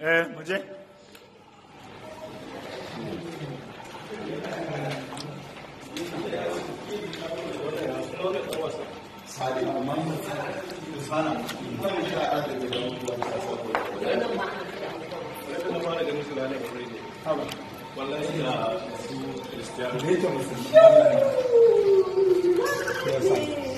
에 뭐지? wallahi da su kristiyan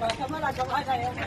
ba kamar a gaba ya yanzu